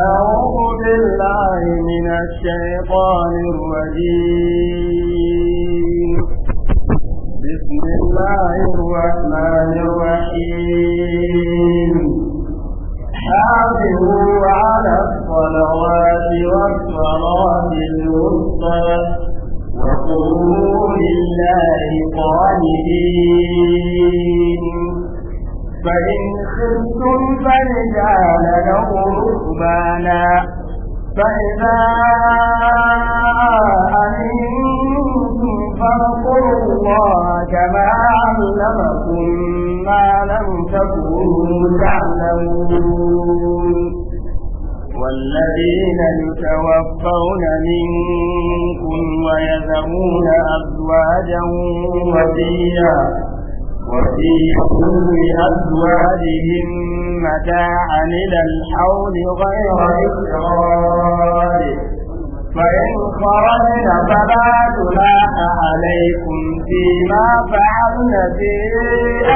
أعوذ بالله من الشيطان الرجيم بسم الله الرحمن الرحيم حافظوا على الصلوات والصلاة الوسطى وقوموا لله قانتين فإن خفتم فنجعل له ركبانا فإذا أمنتم فاذكروا الله كما علمكم ما لم تكونوا تعلمون والذين يتوفون منكم ويذرون أزواجا وفيا وفي كل أزواجهم متاعا إلى الحول غير إسرار فإن خرجن فلا جناح عليكم فيما فعلن في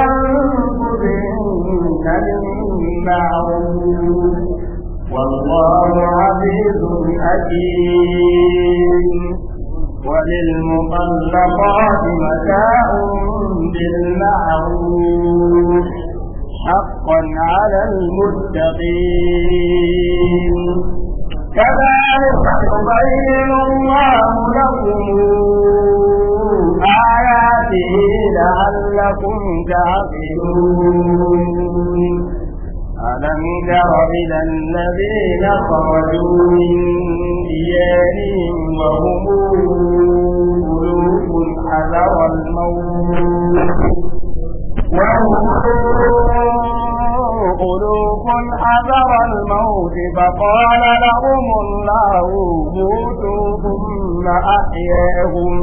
أنفسهن من معروف والله عزيز حكيم وللمطلقات متاع بالمعروف حقا على المتقين كذلك يبين الله لكم آياته لعلكم تعقلون ألم تر إلى الذين خرجوا من ديارهم وهم قلوب حذر الموت وهم قلوب حذر الموت فقال لهم الله موتوا ثم أحياهم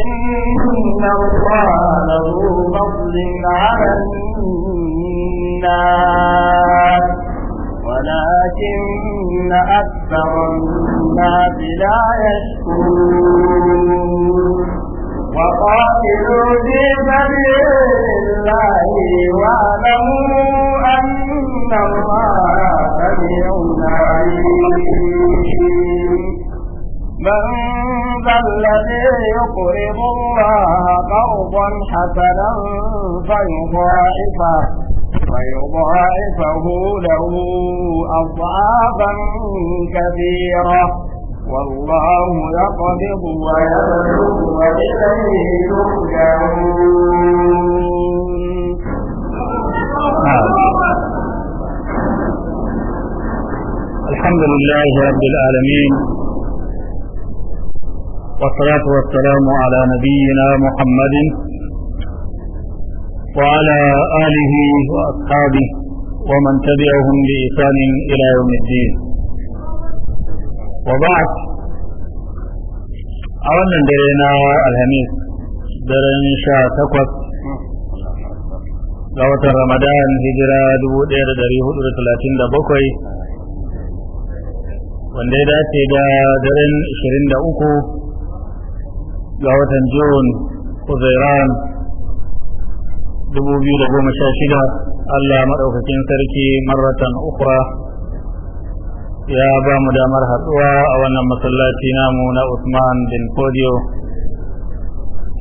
إن الله له فضل على الناس الناس ولكن أكثر الناس لا يشكرون وقاتلوا في سبيل الله واعلموا أن الله سميع عليم من ذا الذي يقرض الله قرضا حسنا فيضاعفه ويضاعفه له أضعافا كثيرة والله يقبض ويبلغ وإليه ترجعون الحمد لله رب العالمين والصلاة والسلام على نبينا محمد وعلى آله وأصحابه ومن تبعهم بإحسان إلى يوم الدين وبعد أولا درينا الهميس درين شاء تقوت لوطن رمضان هجرة دبو دير دريه ثلاثين دبوكوي wanda ya dace درين شرين 23 ga watan june kuzairan dubu biyu da goma shida Allah maɗaukakin sarki marratan ukra ya ba mu damar haɗuwa a wannan masallaci namu na Usman bin Fodio,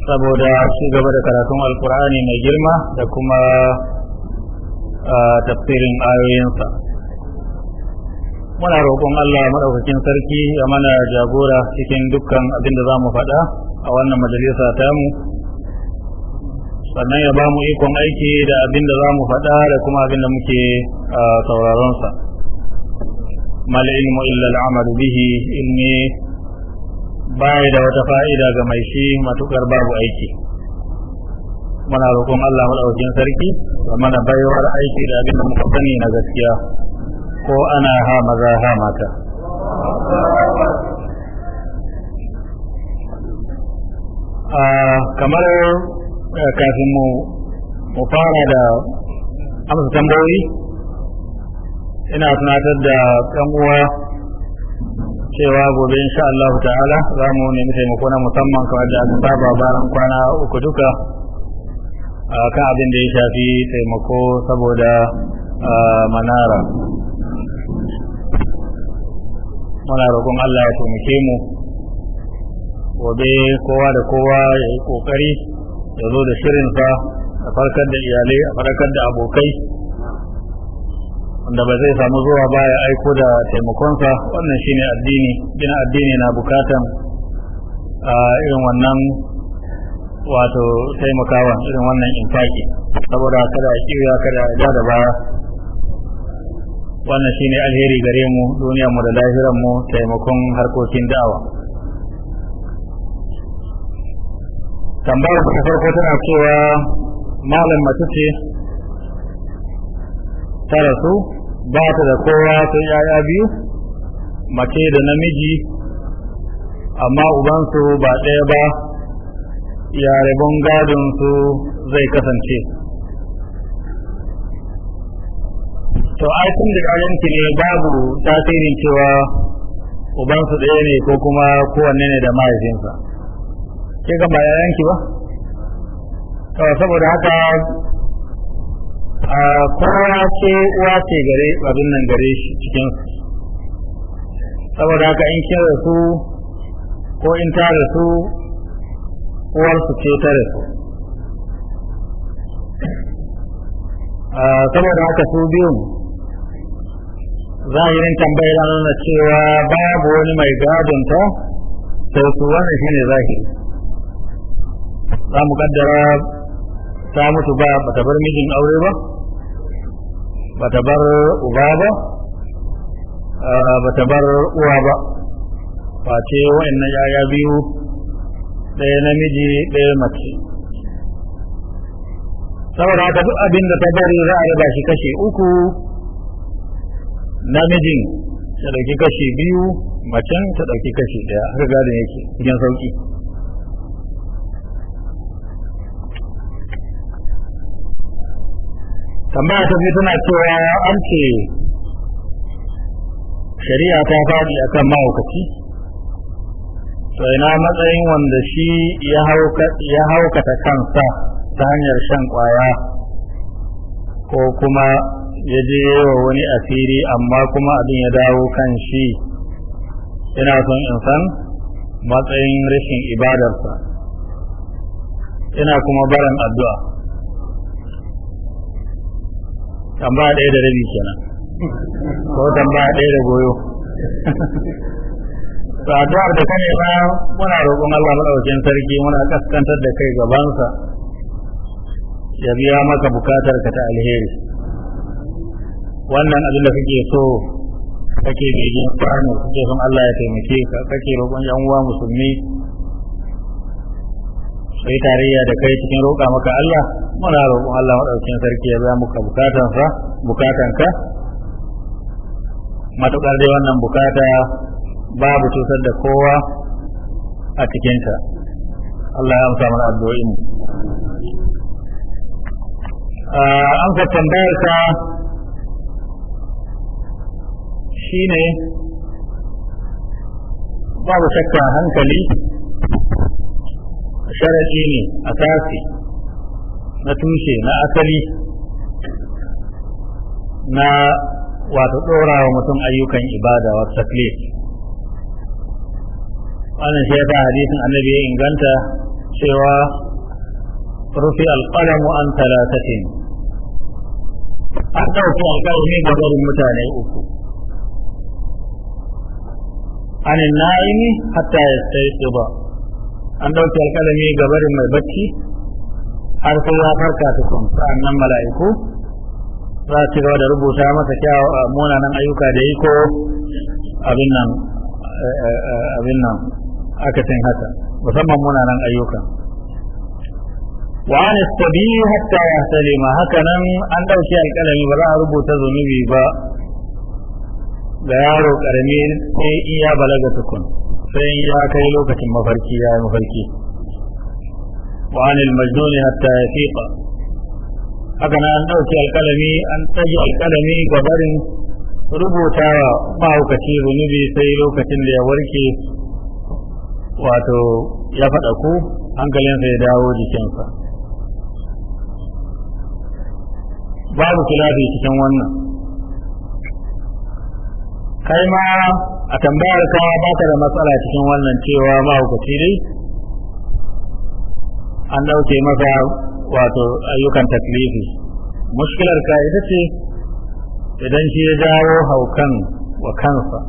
saboda shi gaba da karatun alkur'ani mai girma da kuma tafsirin ayoyinsa muna roƙon Allah maɗaukakin sarki a mana jagora cikin dukkan abin da za mu faɗa a wannan majalisa ta mu sannan ya ba mu ikon aiki da abin da za mu faɗa da kuma abin da muke sauraronsa mal ilmu illa al'amal bihi ilmi baya da wata fa'ida ga mai shi matukar babu aiki muna roƙon Allah madaukakin sarki da mana baiwar aiki da abin da muka sani na gaskiya ko ana ha maza ha mata kamar Eh, kafin mu fara da amsa tambayoyi ina tunatar da ɗan uwa cewa gobe insha Allah ta'ala za mu nemi taimako na musamman kamar da aka saba bayan kwana uku duka kan abin da ya shafi taimako saboda manara muna roƙon Allah ya taimake mu gobe kowa da kowa ya yi ƙoƙari ya zo da shirin shirinsa a farkar da iyalai a farkar da abokai wanda ba zai samu zuwa ba ya aiko da taimakonsa wannan shine addini gina addini na bukatan a irin wannan wato taimakawa irin wannan infaki saboda kada a kiwa kada a ja da baya wannan shine alheri gare mu duniyarmu da lahirar taimakon harkokin da'awa tambayar ta farko tana cewa malam mace ce ta rasu ba ta da kowa sai yaya biyu mace da namiji amma ubansu ba ɗaya ba yare gadon su zai kasance to ai kun da ƙaranki ne babu tasirin cewa ubansu ɗaya ne ko kuma kowanne ne da mahaifinsa ke ga ba ki ba to saboda haka a kowa ce uwa ce gare abin nan gare shi cikin saboda haka in kin rasu ko in ta rasu su ce ta rasu saboda haka su biyun zahirin tambayar na cewa babu wani mai gadon ta sai su za shine zahiri za mu kaddara ta mutu ba bata bar mijin aure ba bata bar uba ba bata bar uwa ba wa'in na yaya biyu ɗaya namiji ɗaya mace saboda haka duk abin da ta bari za a raba shi kashe uku namijin ta ɗauki kashe biyu macen ta ɗauki kashe ɗaya haka gadon yake cikin sauki tambaya ta tana cewa an ce shari'a ta faɗi a kan mahaukaci to ina matsayin wanda shi ya haukata kansa ta hanyar shan kwaya ko kuma ya je yawa wani asiri amma kuma abin ya dawo kan shi ina son in san matsayin rashin ibadarsa ina kuma barin addu'a tambaya ɗaya da rabi kenan ko tambaya ɗaya da goyo saduwar da ta ba muna roƙon Allah maɗaukin sarki muna kaskantar da kai gabansa ya biya maka bukatar ka ta alheri wannan abin da kake so kake begen kwano kake son Allah ya taimake ka kake roƙon yan uwa musulmi bai tarayya da kai cikin roƙa maka Allah muna roƙon Allah madaukakin sarki ya biya muka bukatansa ka matuƙar dai wannan bukata babu cutar da kowa a cikin sa Allah ya amsa mana addu'o'in ka ah, tambayar ka shine babu shakka hankali sharaɗi ne a tasi na tushe na asali na wato ɗora wa mutum ayyukan ibada wa taklif wannan shi ya hadisin annabi ya inganta cewa rufi alƙalamu an talatatin an ɗauki alƙalami ga barin mutane uku an nayi hatta ya sai ba an ɗauki alƙalami ga barin mai bacci har sai ya farka tukun sa'annan mala'iku za su gaba da rubuta masa kyawa a munanan ayyuka da yi ko abin nan eh, eh, eh, abin nan akasin haka musamman munanan ayyuka وعن an حتى hatta ya salima haka nan an ɗauki alkalami ba za a rubuta zunubi ba da yaro karami balaga sai ya kai lokacin mafarki ya mafarki wa anil majnuni hatta yafiqa haka na an ɗauki alkalami an tsaji alkalami gabarin barin rubuta mahaukaci zunubi sai lokacin da ya warke wato ya faɗa ku hankalinsa ya dawo jikinsa babu kilafi cikin wannan kai ma a tambayar ka ba ka da matsala cikin wannan cewa ma hukaci dai an dauke masa wato ayyukan taklifi mushkilar ka ita ce idan shi ya jawo haukan wa kansa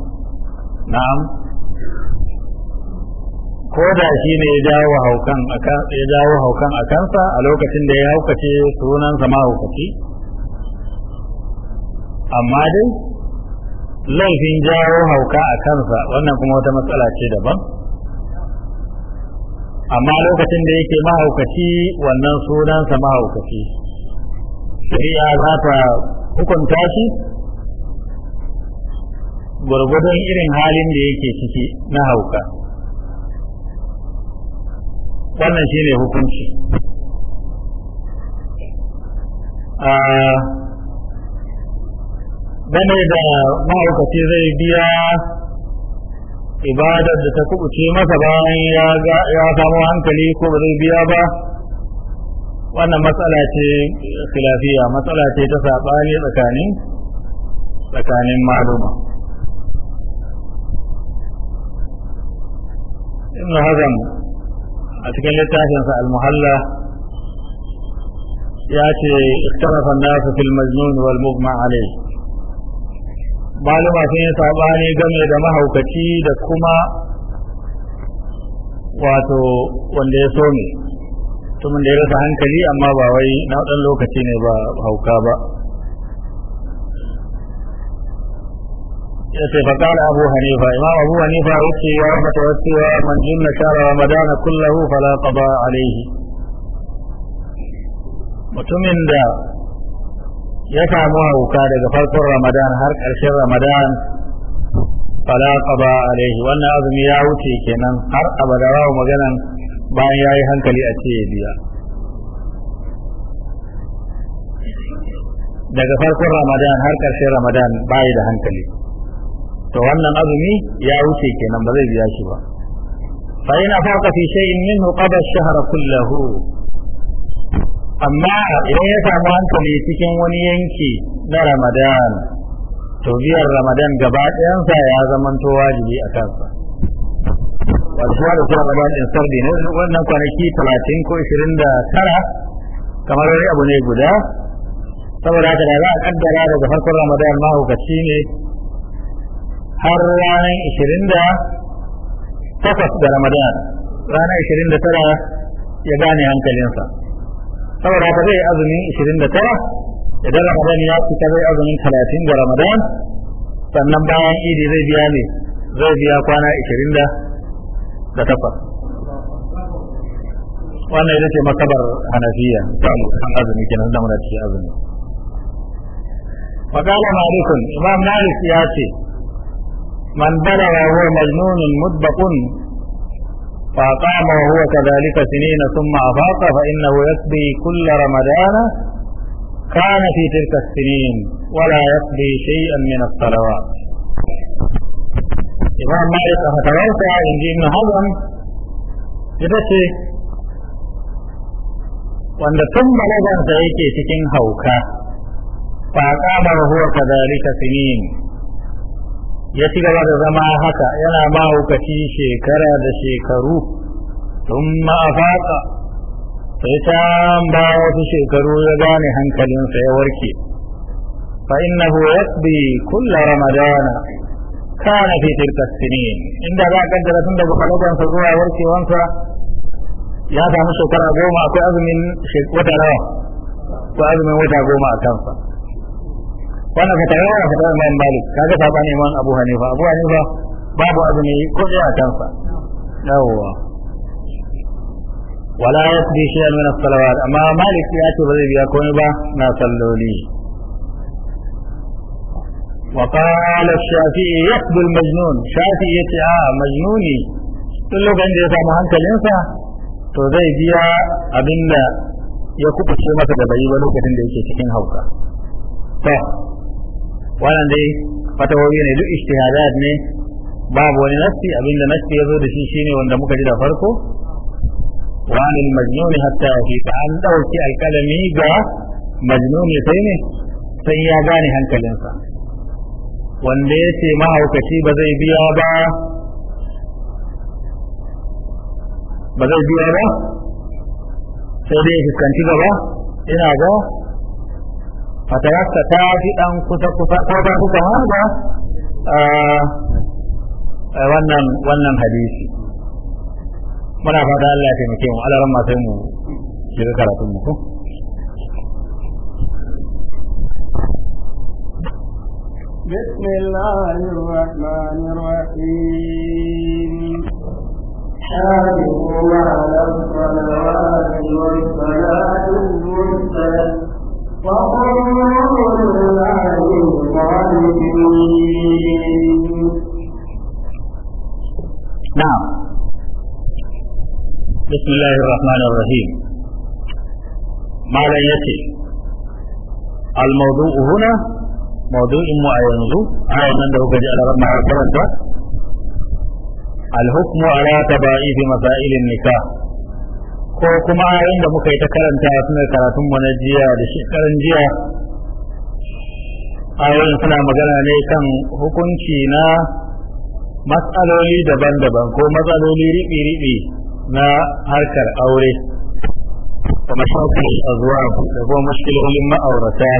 na'am ko da shi ne ya jawo haukan ya jawo haukan a kansa a lokacin da ya haukace sunan sama amma dai laifin jawo hauka a kansa wannan kuma wata matsala ce daban amma lokacin da yake mahaukaci wannan sunansa mahaukaci shari'a za ta hukunta shi gwargwadon irin halin da yake ciki na hauka wannan shine hukunci ah, dane da ma'aikaci zai biya ibadar da ta kubuce masa bayan ya samu hankali ko ba zai biya ba wannan matsala ce khilafiya matsala ce ta saɓani tsakanin tsakanin maluma ibn hazm a cikin littafinsa al-muhalla ya ce ikhtarafa an-nasu fil majnun wal mughma alayh maluma sun yi sabani game da mahaukaci da kuma wato wanda ya so ne da ya rasa hankali amma ba wai na ɗan lokaci ne ba hauka ba ya ce fakala abu hanifa imam abu hanifa yace ya mata ya man na shara wa madana kullahu fala qada alaihi mutumin da ya samu hauka daga farkon ramadan har ƙarshen ramadan fala qada alaihi wannan azumi ya wuce kenan har abada ba maganan bayan yi hankali a ce biya daga farkon ramadan har ƙarshen ramadan bayi da hankali to wannan azumi ya wuce kenan ba zai biya shi ba fa ina farka fi shay'in minhu qada ash-shahra kullahu amma idan ya samu hankali cikin wani yanki na ramadan to biyar ramadan gaba ɗayansa ya zamanto wajibi a kansa wasu da su ramadan ɗin sardi ne wannan kwanaki talatin ko ishirin da tara kamar wani abu ne guda saboda haka da za a kaddara daga farkon ramadan mahaukaci ne har ranar ishirin da takwas da ramadan ranar ishirin da tara ya gane hankalinsa saboda haka zai azumin tara idan ramadan ya fita zai azumin talatin ga ramadan sannan bayan idi zai biya ne zai biya kwana ishirin da takwas wannan ita ce makabar hanafiya ta azumi kenan da muna cikin azumi وقال مالك إمام مالك ياتي من بلغ هو مجنون مدبق فأقام وهو كذلك سنين ثم أفاق فإنه يقضي كل رمضان كان في تلك السنين ولا يقضي شيئا من الصلوات إمام مالك فتوسع إن ابن حزم يبكي وأن ثم لازم سيكي سكين هوكا فأقام وهو كذلك سنين ya ci gaba da zama haka yana mahaukaci shekara da shekaru tun ma'afaka sai ta ba wasu shekaru ya gane hankalinsa ya warke fa innahu yasbi kulla ramadana kana fi tilka sinin inda za ka kaddara tun daga kwalabansa zuwa warkewansa ya samu shekara goma akwai azumin wata rawa, akwai azumin wata goma a kansa wannan ka tare da fatawar Imam Malik kaga saba ne Imam Abu Hanifa Abu Hanifa babu abu ne ko ya tansa yawwa wala yasbi shay'an min as-salawat amma Malik ya ce ba zai biya komai ba na salloli وقال الشافعي يقبل المجنون شافعي يتي مجنوني كل كان دي سامو hankalinsa to zai biya abinda ya kubuce masa da bai ba lokacin da yake cikin hauka wannan dai fatawoyi ne duk ijtihadat ne babu wani nassi abinda nassi yazo da shi shine wanda muka ji da farko wa anil majnun hatta fi an dauki alkalami ga majnun sai ne sai ya gane hankalinsa wanda ya ce mahaukaci ba zai biya ba ba zai biya ba sai dai ya fuskanci gaba ina ga fatayarsa ta fi dan kusa kusa ko ta fi kamar da wannan wannan hadisi muna fata Allah ya taimake mu alaran ma sai mu shiga karatun mu ko بسم الله الرحمن الرحيم حافظوا على الصلوات والصلاة المرسلة نعم بسم الله الرحمن الرحيم ما معنى يتي الموضوع هنا موضوع مو ينزو على من ده قد على رب الحكم على تباعيد مسائل النكاح ko kuma inda muka yi ta karanta suna karatun mu na jiya da shekaran jiya ayoyin suna magana ne kan hukunci na matsaloli daban-daban ko matsaloli riɓi-riɓi na harkar aure da mashakil azuwa da kuma mashkilolin ma'aurata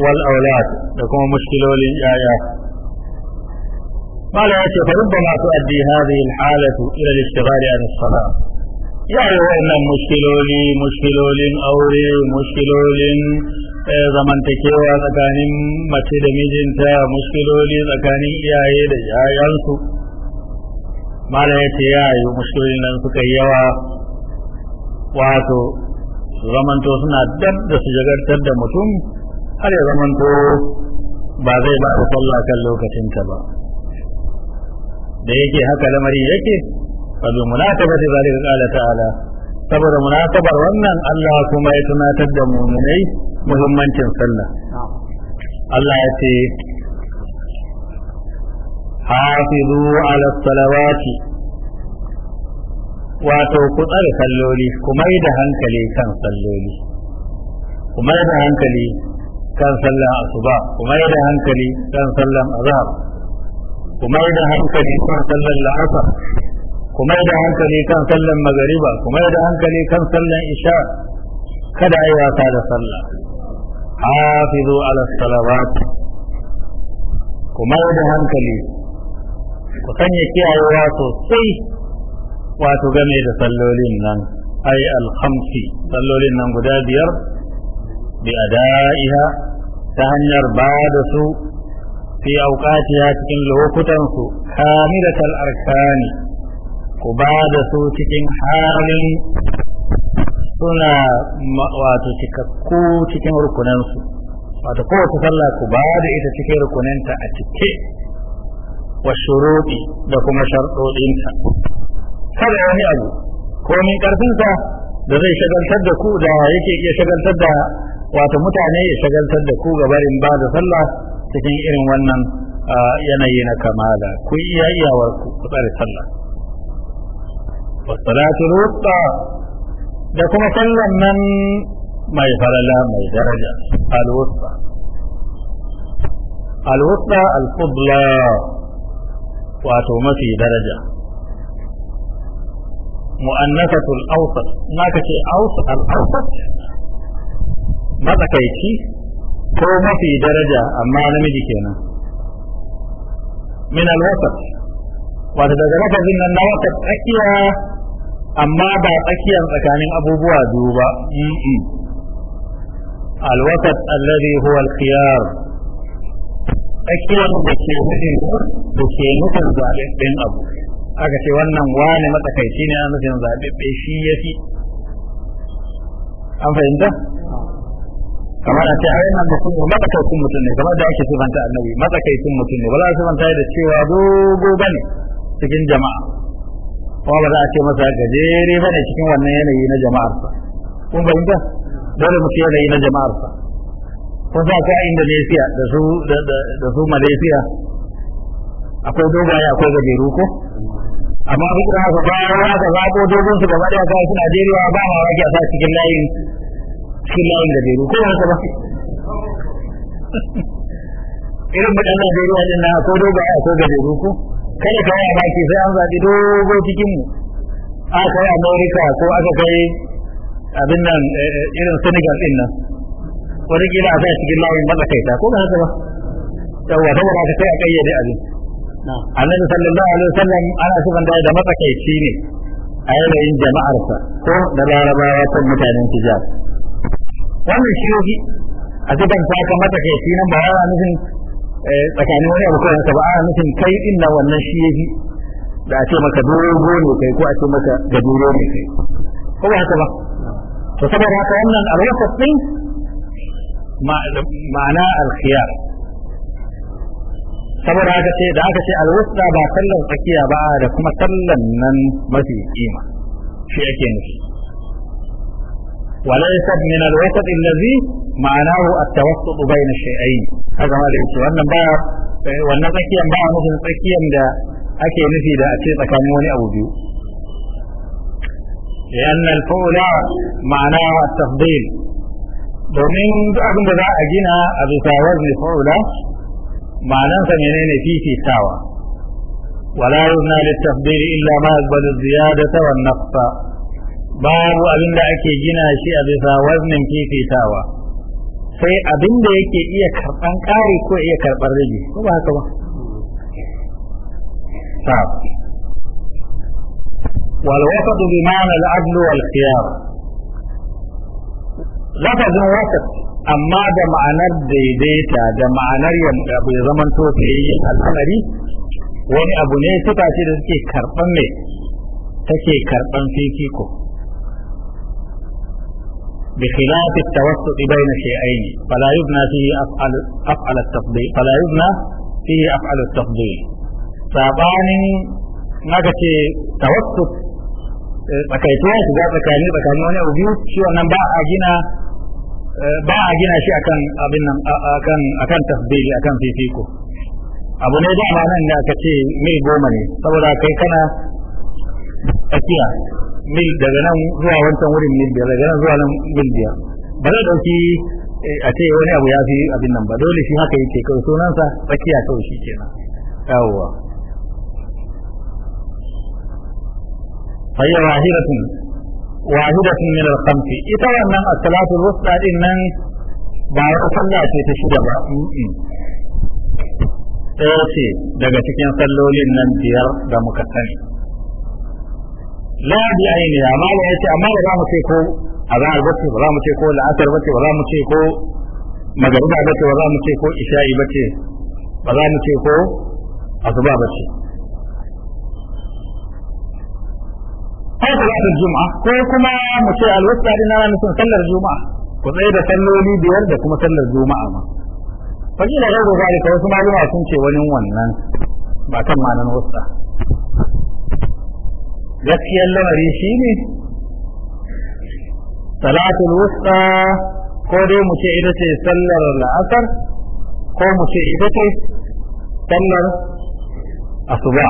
wal aulad da kuma mashkilolin yaya قال يا شيخ ربما تؤدي هذه الحالة إلى الاشتغال عن الصلاة yare wayannan mushkiloli mushkilolin aure mushkilolin eh, zamantakewa tsakanin mace da mijinta mushkiloli tsakanin iyaye da yayansu mala ya ce ya yi mushkilolin nan suka yi yawa wato su zamanto suna dab da su jagartar da mutum har ya zamanto ba zai ba da sallah kan lokacinta ba da yake haka lamari yake وبمناسبة ذلك قال تعالى saboda munasabar wannan Allah kuma ya tunatar da muminai muhimmancin sallah Allah ya ce hafizu ala salawati wato ku tsare salloli kuma yi da hankali kan salloli kuma yi da hankali kan sallan asuba kuma yi da hankali kan sallan azhar kuma yi da hankali kan sallan la'asar kuma da hankali kan sallan magariba kuma da hankali kan sallan isha kada ayi wasa da sallah hafizu ala salawat kuma da hankali ku sanya kiyayewa sosai wato game da sallolin nan ai alhamsi sallolin nan guda biyar bi ada'iha ta hanyar ba da su fi auqatiha cikin lokutan su kamilatal arkani ku ba da su cikin halin suna wato cikakku cikin rukuninsu, wato kowace sallah ku ba da ita cikin rukuninta a cike wa shuruɗi da kuma sharɗoɗinta kada wani abu ko min ƙarfinsa da zai shagaltar da ku da yake iya shagaltar da wato mutane ya shagaltar da ku gabarin ba da sallah cikin irin wannan yanayi na kamala ku iya iyawar ku tsare sallah والصلاة الوسطى da kuma sallan nan mai farala mai daraja alwusta alwusta alfudla wato mafi daraja mu'annasatul awsat na ka ce awsat al-awsat matsakaici ko mafi daraja amma namiji kenan min alwasat wato daga lafazin nan na wasat tsakiya amma ba tsakiyar tsakanin abubuwa biyu ba mm-hmm. alwasat alladhi huwa alkhiyar tsakiyar da ke nufin da ke nufin zaɓaɓɓen abu aka ce wannan wani matsakaici ne ana nufin zaɓaɓɓe shi ya fi an fahimta kamar a ce a ayyana mutum ne matsakaicin mutum ne kamar da ake sifanta annabi matsakaicin mutum ne ba za a sifanta da cewa dogo ba ne cikin jama'a kuma ba za a ce masa gajere ba ne cikin wannan yanayi na jama'arsa kun fahimta dole mutum yanayi na jama'arsa kun sa akwai Indonesia da su da su Malaysia akwai dogaye akwai gajeru ko amma duk da haka bayan haka zaɓo dogon su gaba ɗaya kai su Najeriya ba ma wajen sa cikin layin cikin layin gajeru ko haka ba irin mutanen Najeriya din na akwai dogaye akwai gajeru ko kada ka yi baki sai an zaɓi dogo cikin mu a kai america ko aka kai abin nan eh, eh, irin senegal din nan wani kila a sa cikin lawin ta ko ba haka ba yawwa ta wata kai a kayyade abin annabi sallallahu alaihi wasallam ana sifan da da shi ne a yanayin jama'arsa ko da larabawa kan mutanen hijab wannan shi a cikin kai shi nan ba yawa nufin Eh, tsakanin wani abu kawai ba a nufin kai din nan wannan shi yafi da a ce maka dogo ne kai ko a ce maka da gajero ne kai ko ba haka ba to saboda haka wannan alwasat din ma'ana alkhiyar saboda haka ce da aka ce alwasa ba sallan tsakiya ba da kuma sallan nan mafi kima shi ake nufi وليست من الوسط الذي معناه التوسط بين الشيئين هذا ما da yake wannan baya wannan tsakiyan baya da ake nufi da ake tsakanin wani abu biyu لأن الفعل معناه التفضيل domin duk abin da za a gina a bisa wazni fa'ula ma'anansa menene sawa. wala yuzna lit tafdil illa ma azbal ziyadata wan nafsa babu abin da ake gina shi a bisa waznin fifitawa sai abin da yake iya karɓan ƙari ko iya karɓar rage ko ba haka ba والوسط بمعنى العدل والخيار لفظ وسط amma da ma'anar daidaita da ma'anar yadda bai zaman to fiyayyen al'amari wani abu ne suka ce da suke karɓan ne take karɓan fifiko بخلاف التوسط بين شيئين فلا يبنى فيه افعل افعل التفضيل فلا يبنى فيه افعل التفضيل فاباني نجتي توسط بكيتوا شجاع بكاني بكاني يعني وانا وبيوت شو انا باع اجينا باع اجينا شيء اكن ابن اكن اكن تفضيل اكن في فيكو ابو نيجا معنا ان نعم اكتي مي بومني طب ولا كيكنا اكيا mil daga nan zuwa wancan wurin mil biyar daga nan zuwa nan mil biyar ba zai dauki eh, a ce wani abu ya fi abin nan ba dole shi haka yake kawai sunansa tsakiya kawai shi kenan yawwa fayyar wahidatun wahidatun min al-khamsi ita wannan as-salatu al din nan ba wata sallah ce ta shida ba ɗaya ce daga cikin sallolin nan biyar da muka sani la bi aini amma ya ce amma ba za mu ce ko azhar bace ba za mu ce ko la'asar bace ba za mu ce ko magariba bace ba za mu ce ko isha'i bace ba za mu ce ko asuba bace ko salatul juma'a ko kuma mu ce alwasta din na nufin sallar juma'a ku tsaye da salloli biyar da kuma sallar juma'a ma fa'ila gairu zalika wasu malama sun ce wani wannan ba kan ma'anar wasta gaskiyar lamari shi ne salatul wusta ko dai mu ce ita ce sallar la'asar ko mu ce ita ce sallar asuba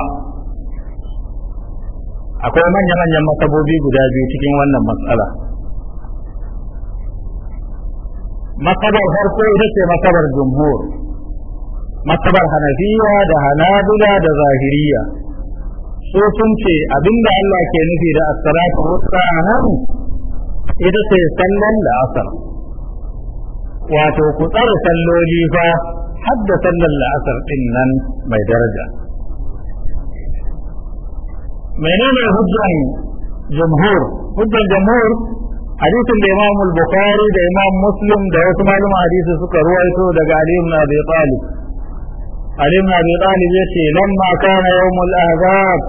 akwai manya-manyan masabobi guda biyu cikin wannan matsala masabar farko ita ce masabar jumhur masabar hanafiya da hanabila da zahiriya ko sun ce abinda Allah ke nufi da as-salatu wassalamu ita ce sallan da asar wato ku tsara salloli fa hadda da sallan da asar din nan mai daraja menene hujjan jumhur hujjan jumhur hadisin da Imam al-Bukhari da Imam Muslim da wasu malaman hadisi suka ruwaito daga Ali ibn Abi Talib Ali ibn Abi Talib yace ma kana yawmul ahzab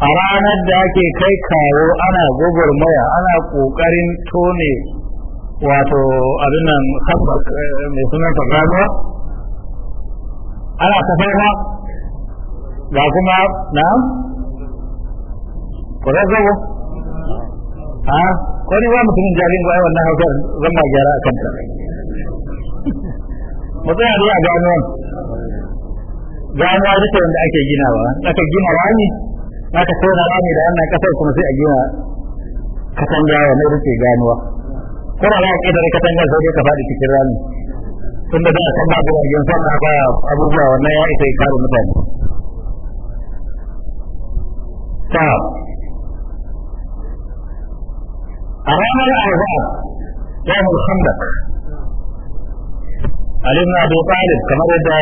a ranar da ake kai kawo ana gwagwarmaya ana ƙoƙarin tone wato abin nan eh, mai sunan farfaɗuwa ana tafafa ga kuma na kuɗar zago a kwani ba mutumin jarin ba wannan hausar zama gyara a kanta mutum ya a gano ganuwa duka wanda ake ginawa aka gina rami aka tona rami da wannan kasar kuma sai a gina katanga wanda rufe ganuwa kuma za a ƙetare katanga sai dai ka faɗi cikin rami tun da a san babu wajen sama ba abubuwa wannan ya isa ya kare mutane ta a ranar azab ya mu khandak Ali ibn Abi Talib kamar da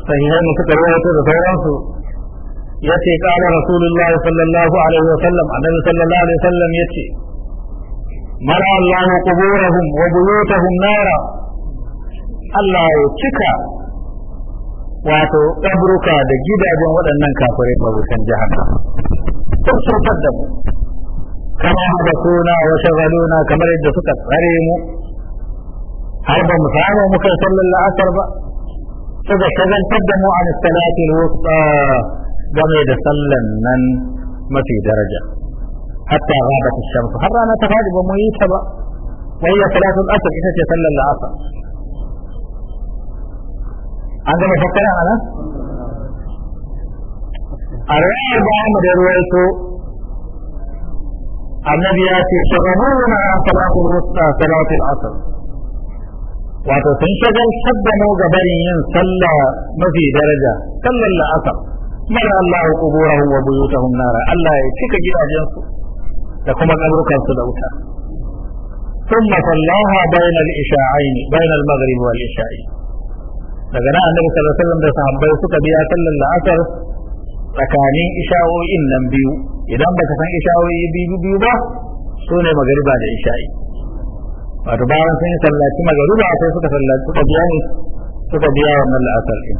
sahihai mu suka rawaito da sauransu ya ce kala rasulullahi sallallahu alaihi wa sallam annabi sallallahu alaihi wa sallam ya ce mara Allah quburahum wa buyutahum nara Allah ya cika wato kabruka da gidajen waɗannan kafirai ba wutan jahannam ko sun fadda mu kama da suna wa shagaluna kamar yadda suka tsare mu har ba mu samu muka sallar la'asar ba إذا كذا قدموا عن الصلاة الوسطى قام يتصلى من ما في درجة حتى غابت الشمس حرة أنا تغادب وميتها وهي صلاة الأصل إذا تصلى العصر عندما فكر أنا الرابع من رويته النبي ياتي شغلونا عن صلاة الوسطى صلاة العصر wato sun shagaltar da mu ga barin yin sallah mafi daraja sallar la'asar mana Allah quburahum wa buyutahum nara Allah ya cika gidajensu da kuma su da wuta ثم صلاها بين الإشاعين بين daga nan annabi sallallahu alaihi wasallam da sahabbai suka biya sallar la'asar tsakanin isha'o'in nan biyu idan baka san isha'o'i biyu biyu ba sune magariba da isha'i wato bayan sun sallaci magariba sai suka sallaci suka biya ne suka biya wannan la'asar din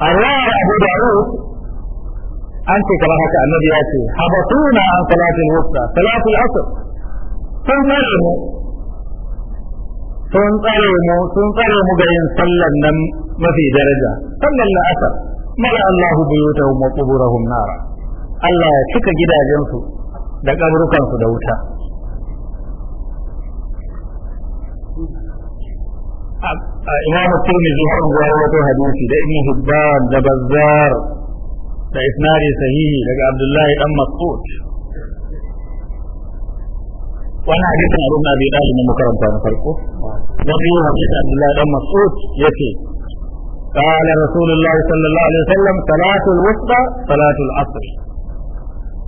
a rawar abu dawud an ce kamar haka annabi ya ce habatuna an salatul wusta salatul asr sun tsare mu sun tsare mu sun tsare mu ga yin sallan nan mafi daraja sallan la'asar mala Allahu buyutahum wa quburahum nara Allah ya cika gidajensu da kaburukansu da wuta imam tirmidhi sun ga wata hadisi da ibn hibban da bazzar da isnadi sahihi daga abdullahi dan mas'ud wannan hadisin abu na bi dalibin makaranta na farko na biyu hadisin abdullahi dan mas'ud yace قال رسول الله صلى الله عليه وسلم صلاة الوسطى صلاة العصر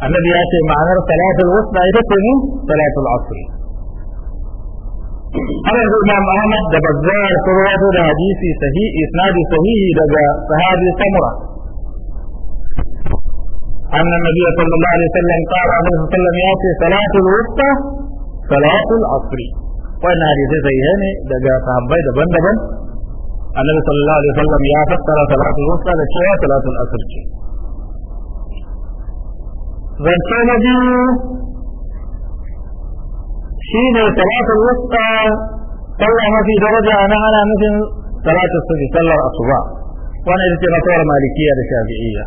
النبي ياتي معنا صلاة الوسطى اذا صلاه العصر أنا يقول الإمام أحمد دبزار بزار كروات ده حديثي صحيح إسناد صحيح ده صحابي سمرة أن النبي صلى الله عليه وسلم قال عليه الصلاة والسلام يأتي صلاة الوسطى صلاة العصر وإن هذه زي هنا ده صحابي ده النبي صلى الله عليه وسلم يأتي صلاة الوسطى ده صلاة العصر zance na biyu shi ne talatin wusta sallah mafi daraja na ana nufin talatin sufi sallar asuba Wani ita ce matawar malikiya da shafi'iyya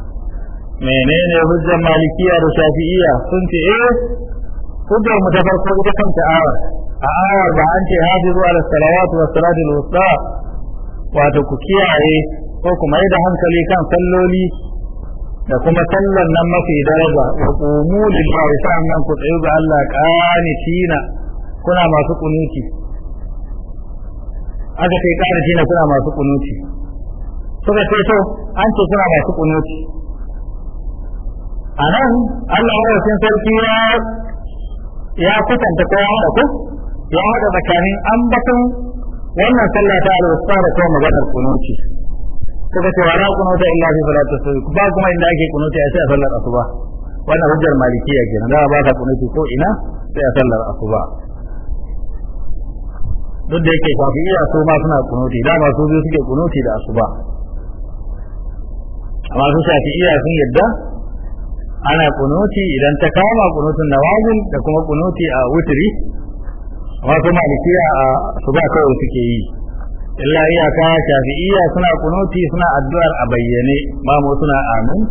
menene hujjar malikiya da shafi'iyya sun ce eh hujjar mu ta farko ita kanta ayar a ayar ba an ce hafizu ala salawatu wa salatul wusta wato ku kiyaye ko kuma yi da hankali kan salloli da kuma sallar nan mafi daraja wa qumu san nan ku tsayu ga Allah tina kuna masu kunuti aka ce na, kuna masu kunuti suka ce to an ce kuna masu kunuti a nan Allah ya sarki ya ya kusanta kowa da ku ya haɗa tsakanin ambaton wannan sallah ta alwasa da kuma maganar kunuti suka ce wa la kunuta illa fi salati subh ba kuma inda ake kunuta sai a sallar asuba wannan hujjar malikiya kenan za a ba ka kunuti ko ina sai a sallar asuba duk da yake shafi'iyya su ma suna kunuti dama su biyu suke kunuti da asuba amma su shafi'iyya sun yadda ana kunuti idan ta kama kunutun nawazil da kuma kunuti a wutri amma su malikiya a suba kawai suke yi illa iyaka shafi'iyya suna kunuti suna addu'ar a bayyane ba mu suna amin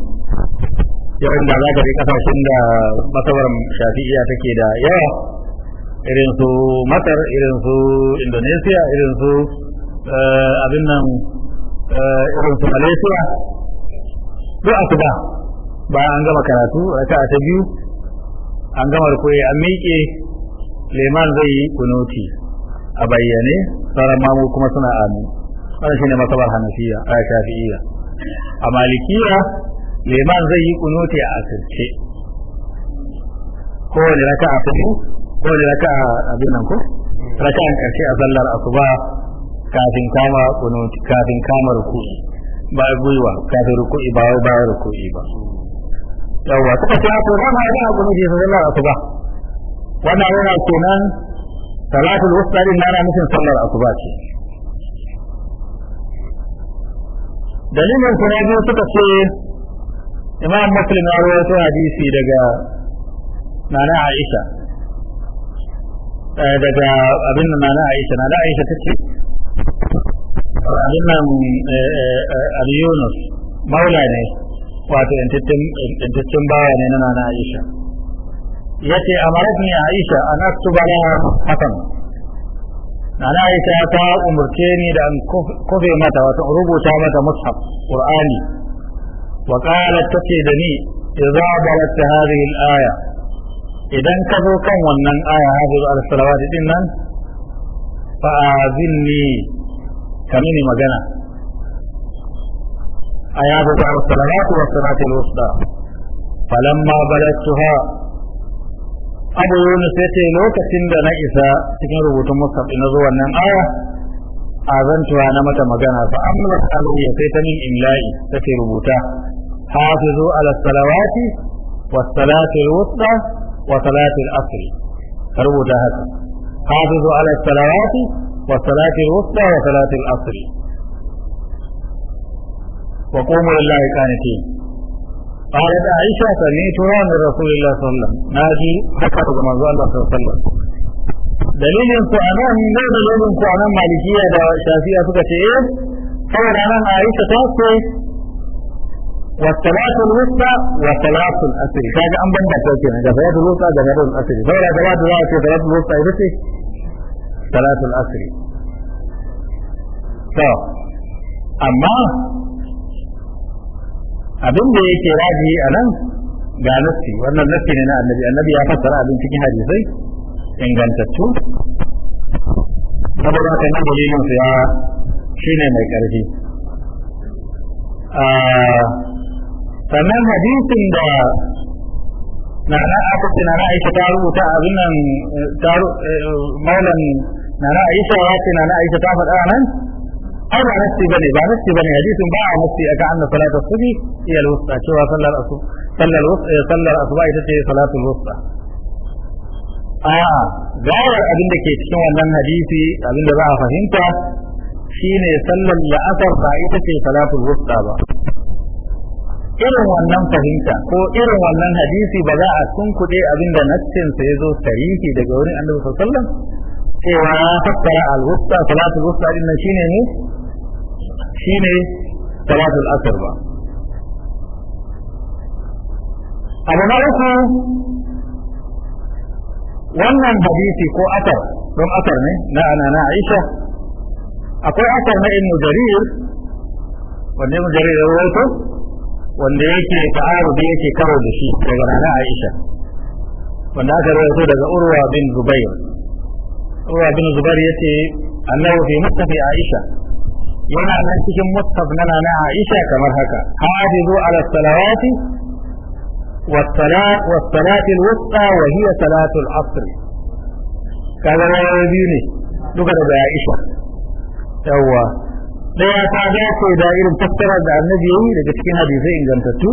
da zaka ga kasashen da masabar shafi'iyya take da yawa irin su Masar irin su Indonesia irin su eh, abin nan eh, irin su Malaysia duk ba. bayan an gama karatu a ta biyu an gama rukuyi an miƙe leman zai yi kunuti a bayyane sauran mamu kuma suna amin wannan shine masabar hanafiya a shafi'iyya a malikiya liman zai yi kunuti a asirce kowane raka a kudu kowane raka a abin nan ko raka a karshe a sallar asuba kafin kama kunuti kafin kama ruku'i ba gwiwa kafin ruku'i ba ba ruku'i ba yawa suka ce a to ba ma da kunuti sallar asuba wannan yana kenan صلاة الوسطى دي نانا مثل صلاة العصبات دليل من سنادي وسطى إمام مسلم أروي في حديثي دقا نانا عائشة دقا أبن نانا عائشة نانا عائشة تكي الإمام أبي يونس مولاني واتو انتتم انتتم باني نانا عائشة التي أمرتني عائشة أن أكتب لها حسن أنا عائشة أتى أمرتني لأن كفي متى وتقربوا تامة مصحف قرآني وقالت تكيدني إذا بلغت هذه الآية إذا كفوا كم ومن آية هذه على الصلوات إنن فأذني كميني مجنة آيات على الصلوات والصلاة الوسطى فلما بلغتها abu yunus ya ce lokacin da na isa cikin rubutun Musa na zuwan nan aya a zantuwa na mata magana fa amma alayya sai ta min imla'i ta ce rubuta hafizu ala salawati wa salati al-wusta wa salati al-asr ka rubuta haka hafizu ala salawati wa salati al-wusta wa salati al-asr wa qumu lillahi qanitin قالت عائشة سمعتها من رسول الله صلى الله عليه وسلم ناجي حكى من الله صلى الله عليه وسلم dalilin ku a nan ne dalilin ku a nan malikiya da shafiya suka ce eh saboda nan ta ce الوسطى والثلاث الأسري هذا أم بندا كوكينا ده صلاة الوسطى ده غير الأسر فولا صلاة الوسطى صلاة الوسطى إذا ثلاث الأسري فأما abin da yake raji a nan ga nassi wannan nassi ne na annabi annabi ya fassara abin cikin hadisai ingantattu saboda haka nan dalilin su ya shine mai karfi ah, sannan hadisin da na na aka ce na aisha ta rubuta abin nan eh, eh, maulan na na aisha ya ce na na aisha ta faɗa nan ai ba nasti bane ba nasti bane hadisin ba a nasti aka anna salatu subhi hiya al-wusta cewa sallar asu sallar wusta sallar asuba ita ce salatul wusta a'a gawar abin da ke cikin wannan hadisi abin da za a fahimta shine sallar la'asar ba ita ce salatul wusta ba irin wannan fahimta ko irin wannan hadisi ba za a tunkuɗe abin da nassinsa ya zo tarihi daga wurin annabi sallallahu alaihi wasallam cewa fassara al-wusta salatul wusta din shine ne Shi shine salatul asar ba abu na uku wannan hadisi ko asar don asar ne na ana na Aisha akwai asar na Ibn Jarir wanda Ibn Jarir ya rawaito wanda yake ta'arudi yake karo da shi daga rana Aisha wanda aka rawaito daga Urwa bin Zubair Urwa bin Zubair yace annahu fi mustafi Aisha yana nan cikin mustaf na nana Aisha kamar haka hadizu ala salawati والصلاة والصلاة الوسطى وهي صلاة العصر kaga ranar biyu ne duka daga Aisha yawwa daya ta dace da irin tafsira da annabi yayi daga cikin hadisai ingantattu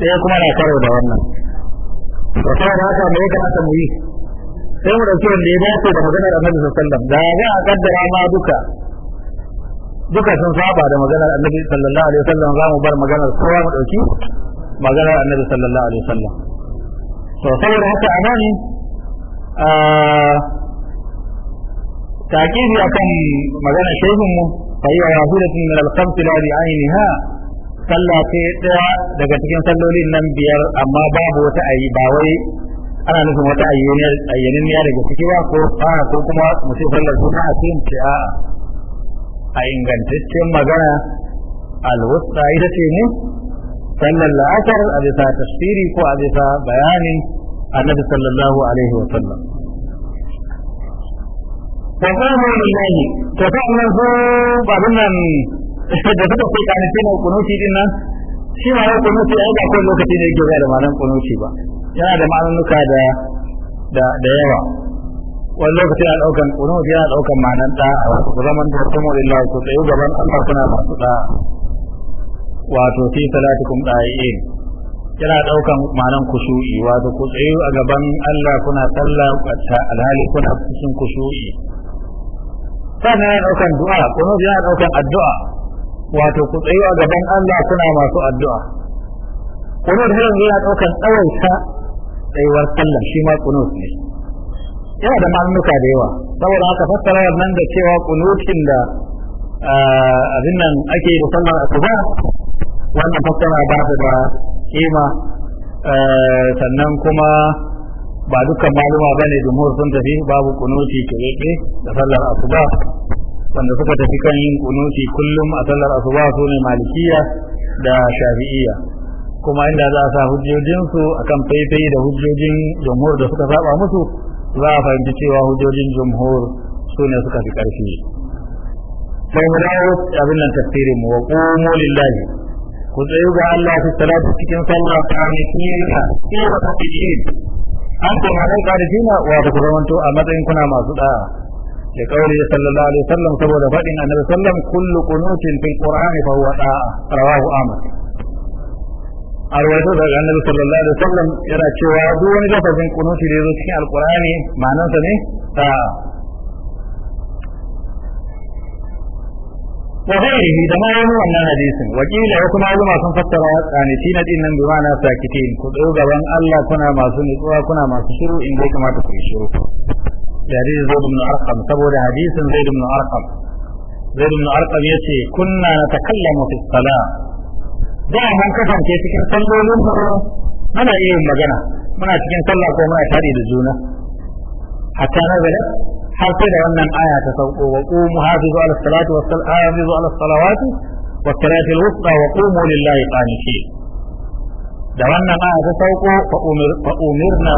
daya kuma na karo da wannan to sai da haka mai kana ta muyi sai mu dauki wanda ya dace da maganar annabi sallallahu alaihi wasallam da ga kaddara ma duka duka sun saba da maganar annabi sallallahu alaihi wasallam za mu bar maganar kowa mu dauki maganar annabi sallallahu alaihi wasallam to saboda haka anani takidi akan maganar shehun mu fa hiya wahidatun min al-khamsi la bi ainiha sallah ce daya daga cikin sallolin nan biyar amma babu wata ayi ba wai ana nufin wata ayyanin ya daga ciki ba ko ko kuma mutum sallar sunna a cikin a'a a ingantaccen magana alwusta ita ce ne sannan la'akar a bisa tafsiri ko a bisa bayanin annabi sallallahu alaihi wa sallam ko fasahu lillahi to sa'annan su babin nan da suka kai kan sai na kunuti din nan shi ma kunuti ai ba kowane lokaci ne yake da malan kunuti ba yana da malamuka da da yawa wani lokaci a daukan wani lokaci a daukan ma'anan da ku zaman da kuma lillahi ku tsayu gaban Allah kuna masu da wato fi salatikum da'iin yana daukan ma'anan kushu'i wato ku tsayu a gaban Allah kuna sallah wacce alhali kuna cikin kushu'i sannan yana daukan du'a wani lokaci yana daukan addu'a wato ku tsayu a gaban Allah kuna masu addu'a wani lokaci yana daukan tsawaita tsayuwar sallah shi ma kunut ne yana da ma'anuka da yawa saboda haka fassara nan da cewa kunutin da abin nan ake da sallar asuba wannan fassara ba ta da kima sannan kuma ba dukkan maluma bane jumhur sun tafi babu kunuti kireke da sallar asuba wanda suka tafi kan yin kunuti kullum a sallar asuba su ne malikiya da shafi'iya kuma inda za a sa hujjojinsu akan faifai da hujjojin jumhur da suka saba musu za a fahimci cewa hujjojin jumhur su ne suka fi ƙarfi sai mu dawo abin nan tafsirin mu wa qumu lillahi ku tsayu ga Allah fi salatu cikin sallah ta ne kiyata kiyata ta kiyata an ta malai karfina wa ta zamanto a matsayin kuna masu da'a da kauli sallallahu alaihi wasallam saboda fadin annabi sallam kullu qunutin fil qur'ani fa huwa da'a rawahu ahmad a rawaito daga annabi sallallahu alaihi wasallam yana cewa duk wani lafazin kunuti da yazo cikin alqur'ani ma'anarsa ne a wa ghairihi da ma wani wannan hadisin wakila wasu maluma sun fassara qanitin din nan bi na sakitin ku dau gaban Allah kuna masu nutsuwa kuna masu shiru in dai kamata ku yi shiru jarir zaid ibn arqam saboda hadisin zaid ibn arqam zaid ibn arqam yace kunna natakallamu fi salat da mun kasance cikin sallolin muna iya yin magana muna cikin sallah ko muna tare da juna hatta nazalat har sai da wannan aya ta sauko wa qumu hafizu ala salati wa hafizu ala salawati wa salati al-wusta wa qumu lillahi qanitin da wannan aya ta sauko fa umir fa umirna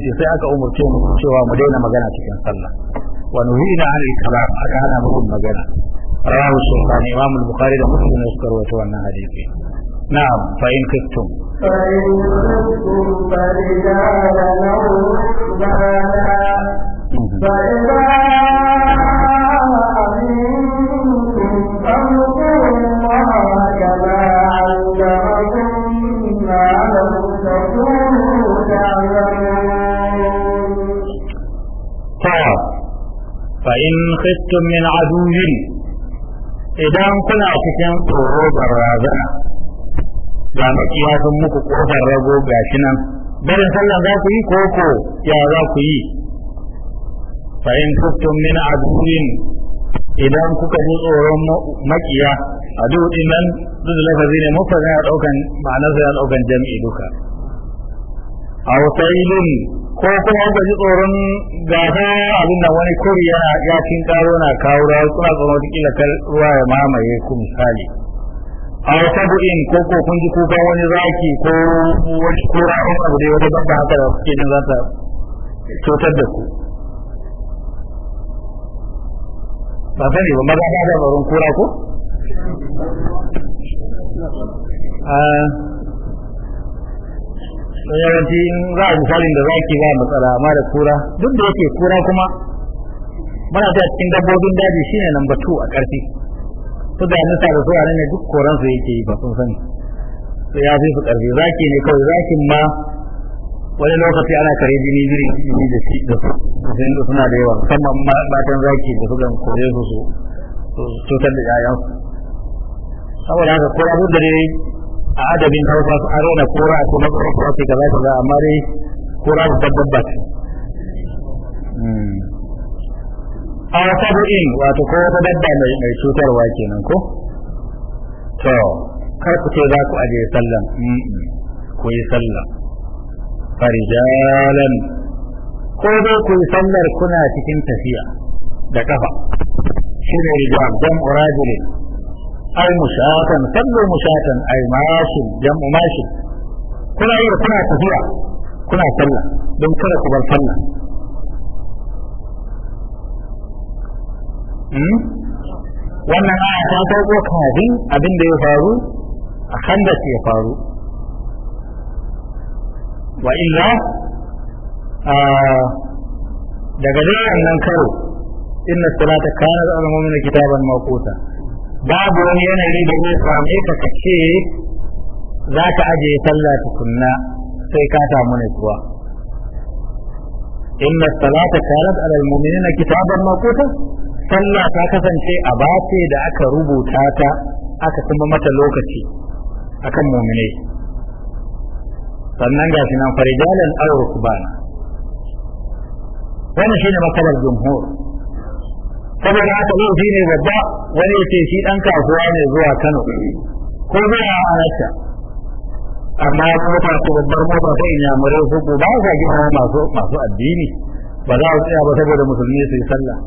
bi sai aka umurce mu cewa mu daina magana cikin sallah wa nuhina an al-kalam aka hana mu magana rawu sultan imam al-bukhari da muslim ne suka rawaito wannan hadisi نعم فإن خفتم فإن خفتم فرجالا أو ركبانا فإذا أمنتم فاذكروا الله كما علمكم ما لم تكونوا تعلمون فإن خفتم من عدو إذا كنا cikin tsoro barazana maki ya sun muku kofar rago gashi nan barin sallah za ku yi koko ya za ku yi fa'in in min aduwin idan kuka ji tsoron makiya a duk nan duk da lafazi ne muka a daukan ma'ana sai daukan jami'i duka aw sailin ko kuma kuka ji tsoron gasa abin da wani kuri ya cin karo na kawo ruwa kuna tsoron wata kar ruwa ya mamaye ku misali a buɗin ko ko kun ji kuka wani zaki ko wani kura ko abu da wani babba haka da kuke nan za ta cutar da ku ba sani ba maza ba da baron kura ko don ah, yawanci in za a misalin da zaki ba matsala amma da kura duk da yake kura kuma muna ta cikin dabbobin daji shine number 2 a ƙarfi su da nisa da su ne duk koran su yake yi ba sun sani to ya fi su karfi zaki ne kawai zakin ma wani lokaci ana kare jini jiri jini da shi da su suna da yawa musamman matan zaki da su gan kore su su cutar da yayan saboda haka ko abu da ne a adabin hausa su aro na kora a kuma kora za kaza za amma dai kora su ba aw sabu'in wato ko wata dabba mai mai cutarwa kenan ko to kar ku ce za ku aje sallan ku yi sallah farijalan ko dai ku yi sallar kuna cikin tafiya da kafa shi ne rijal jam'u rajulin ay mushatan sallu mushatan ay mashin jam'u mashin kuna yi kuna tafiya kuna sallah don kada ku bar sallah Hmm? wannan aya ta farko kafin abin da ya faru a da ya faru wa illa daga dukkan nan karo inna salata kana da al-mu'mina kitaban mawquta babu wani yanayi da zai same ka kace za ka ajiye sallah tukunna sai ka samu nutsuwa inna salata kanat ala almu'minina kitaban mawquta sallah ta kasance a bace da aka rubuta ta aka kuma mata lokaci akan mu'mine sannan ga shi nan farijalan auruk bana wannan shine matsalar jumhur saboda haka yau shine babba wani ya ce shi dan kasuwa ne zuwa Kano ko zuwa Alaska amma ya kuma ta babbar mota ta inyamurai ko ba sa gina masu masu addini ba za su tsaya ba saboda musulmi su yi sallah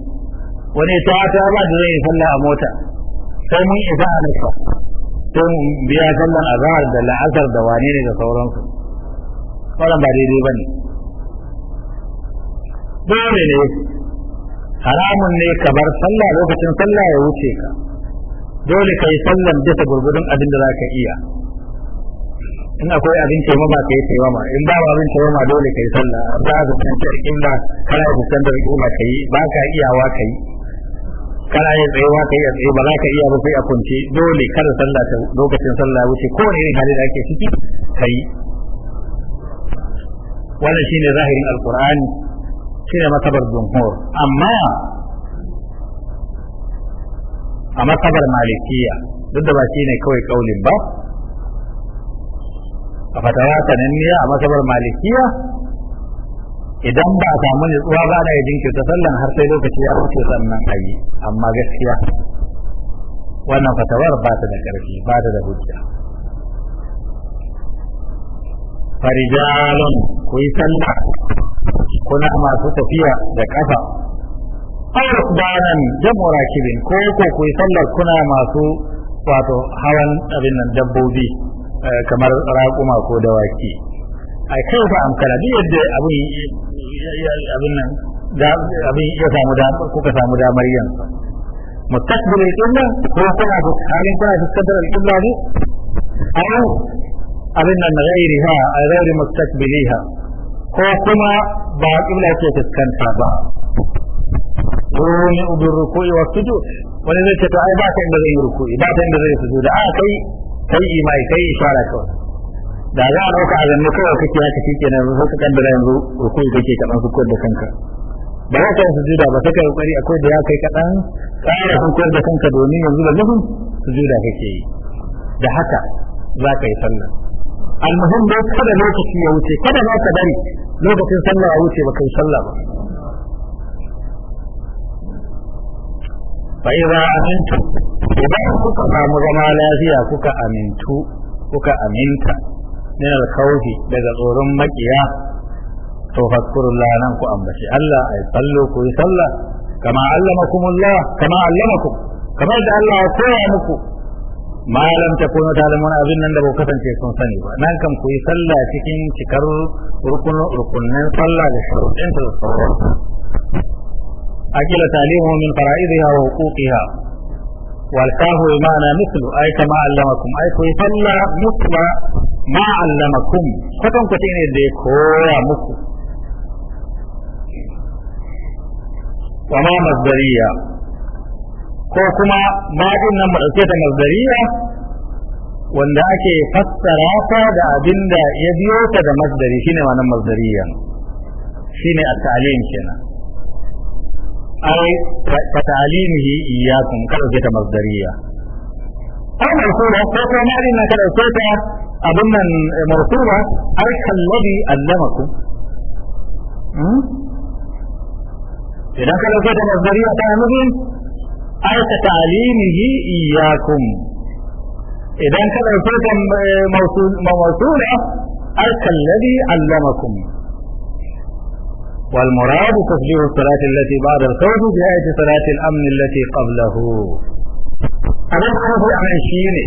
wani ta ta ba da zai sallah a mota sai mun isa a nufa sai mun biya sallan azhar da la'azar da wane ne da sauransu wannan ba daidai ba ne dole ne haramun ne ka bar sallah lokacin sallah ya wuce ka dole ka yi sallan bisa gurgudun abin da za ka iya in akwai abin taimama ba ka yi taimama in ba ba abin ma dole ka yi sallah ba ka fuskantar in ba kana fuskantar da ba ka yi ba ka iyawa ka yi kana yin tsayewa ka iya tsaye ba za ka iya ba sai a kunce dole kada sallah ta lokacin sallah wuce ko ne hali da ake ciki kai wannan shine zahirin alqur'ani shine makabar jumhur amma a masabar malikiya duk da ba shine kawai kaulin ba a fatawa sananniya a masabar malikiya idan ba a samu nutsuwa ba na jinkirta sallan har sai lokaci ya wuce sannan a yi amma gaskiya wannan fatawar ba ta da ƙarfi ba ta da hujja farijalon ku yi sallah kuna masu tafiya da ƙafa ayyuk banan jamura kibin ko ko ku yi sallar kuna masu wato hawan abin nan dabbobi eh, kamar raƙuma ko dawaki ai kai fa amkara duk yadda abin abin nan da abin ya samu da kuka samu damar yin mustaqbil al-qibla ko kuna da halin kuna fuskantar al-qibla ne ayo abin nan ghairiha a ghairi mustaqbiliha ko kuma ba qibla ce fuskanta ba wurin ubin ruku'i wa sujud wani zai ce to ai ba ta inda zai yi ruku'i ba ta inda zai sujuda a kai kai imai kai ishara kawai da za a ɗauka a zanne kawai kake haka shi kenan sai ka kaddara yanzu rukuni kake kaɗan su da kanka ba za ka yi sujuda ba kai kokari akwai da ya kai kaɗan tsara sun koyar da kanka domin yanzu da nufin sujuda kake yi da haka za ka yi sallah almuhim dai kada lokaci ya wuce kada za ka bari lokacin sallah ya wuce ba kai sallah ba fa idza amintu idan kuka samu zama lafiya kuka amintu kuka aminta min al daga tsoron makiya to fadkurullah nan ku ambaci Allah ay sallo ku yi sallah kama allamakumullah kama allamakum kamar da Allah ya koya muku ma lam takunu ta'lamuna abin nan da ba kasance sun sani ba nan kam ku yi sallah cikin cikar rukun rukunin sallah da shuruɗin ta أجل تعليمه من فرائضها وحقوقها والكاه بمعنى مثل أي كما علمكم أي sallah, مثل ma allamakum kwatan kwatan ne da ya koya muku wa ma masdariya ko kuma ma'adin nan mu da masdariya wanda ake fassara ta da abin da ya biyo ta da masdari shine nan masdariya shine at-ta'lim kenan ai ta ta'limihi iyyakum ka dauke ta masdariya أو موصولة فهو ما أنك لو كنت أظن مرسولة أيها الذي علمكم إذا كان لو كنت مصدرية تعلمين أيها تعليمه إياكم إذا كان لو كنت موصولة أي الذي علمكم والمراد تشبيه الصلاة التي بعد الخوف بآية صلاة الأمن التي قبله abin da kuma a nan shi ne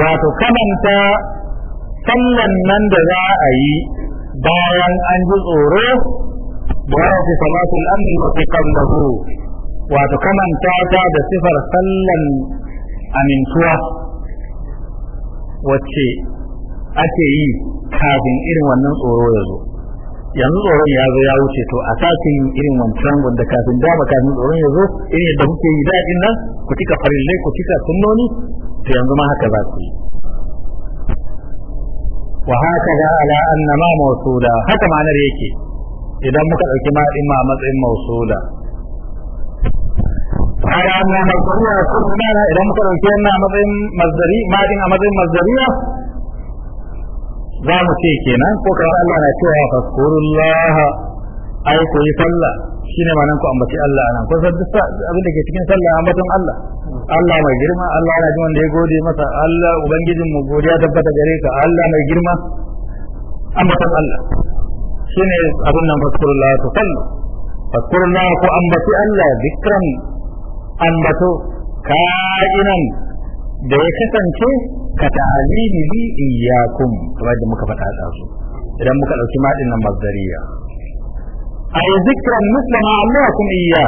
wato kamanta sallan nan da za a yi bayan an ji tsoro da ya fi salatul amri wa fi kallahu wato kamanta ta da sifar sallan amintuwa wacce ake yi kafin irin wannan tsoro ya zo yanzu tsoron ya zo ya wuce to a sake yin irin wancan wanda kafin dama kafin tsoron ya zo irin yadda muke yi daɗin nan ku cika farillai ku cika sunnoni to yanzu ma haka za ku yi wa haka da ala anna ma mausula haka ma'anar yake idan muka ɗauki ma ɗin ma matsayin mausula ala anna mausula idan muka ɗauki wannan a matsayin mazdari ma ɗin a matsayin mazdariya za mu ce kenan ko kawai Allah na cewa faskurullah ai ku yi sallah shine ma nan ku ambaci Allah nan ko san duk abin da ke cikin sallah ambaton Allah Allah mai girma Allah yana jin wanda ya gode masa Allah ubangijin mu godiya tabbata gare ka Allah mai girma ambaton Allah shine abin nan faskurullah to sallah faskurullah ku ambaci Allah dikran ambato ka'inan da ya kasance ka ta'alimi bi iyyakum kamar da muka faɗa ta su idan muka ɗauki madin nan A ay zikran misla ma allakum iyya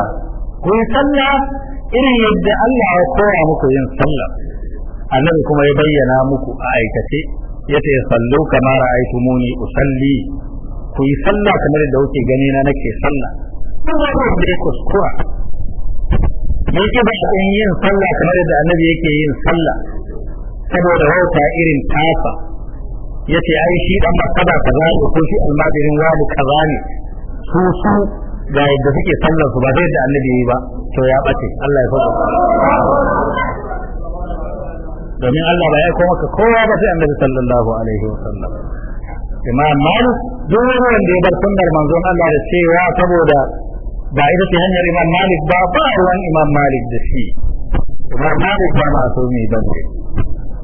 irin yadda Allah ya koya muku yin sallah annabi kuma ya bayyana muku a aikace yace sallu kama muni usalli ku yi sallah kamar da kuke gani na nake sallah kuma ba ku kuskura me yake ba in yin sallah kamar da annabi yake yin sallah saboda wauta irin tasa yace ai shi dan makaba kaza ne ko shi almajirin wani kaza ne su su ga yadda suke sallar su ba zai da annabi yi ba to ya bace Allah ya faɗa domin Allah ba ya ko maka kowa ba sai annabi sallallahu alaihi wa sallam imam malik duk wanda ya bar sunnar manzon Allah da cewa saboda ba ita ce hanyar imam malik ba ba ruwan imam malik da shi imam malik ba ma so mai bane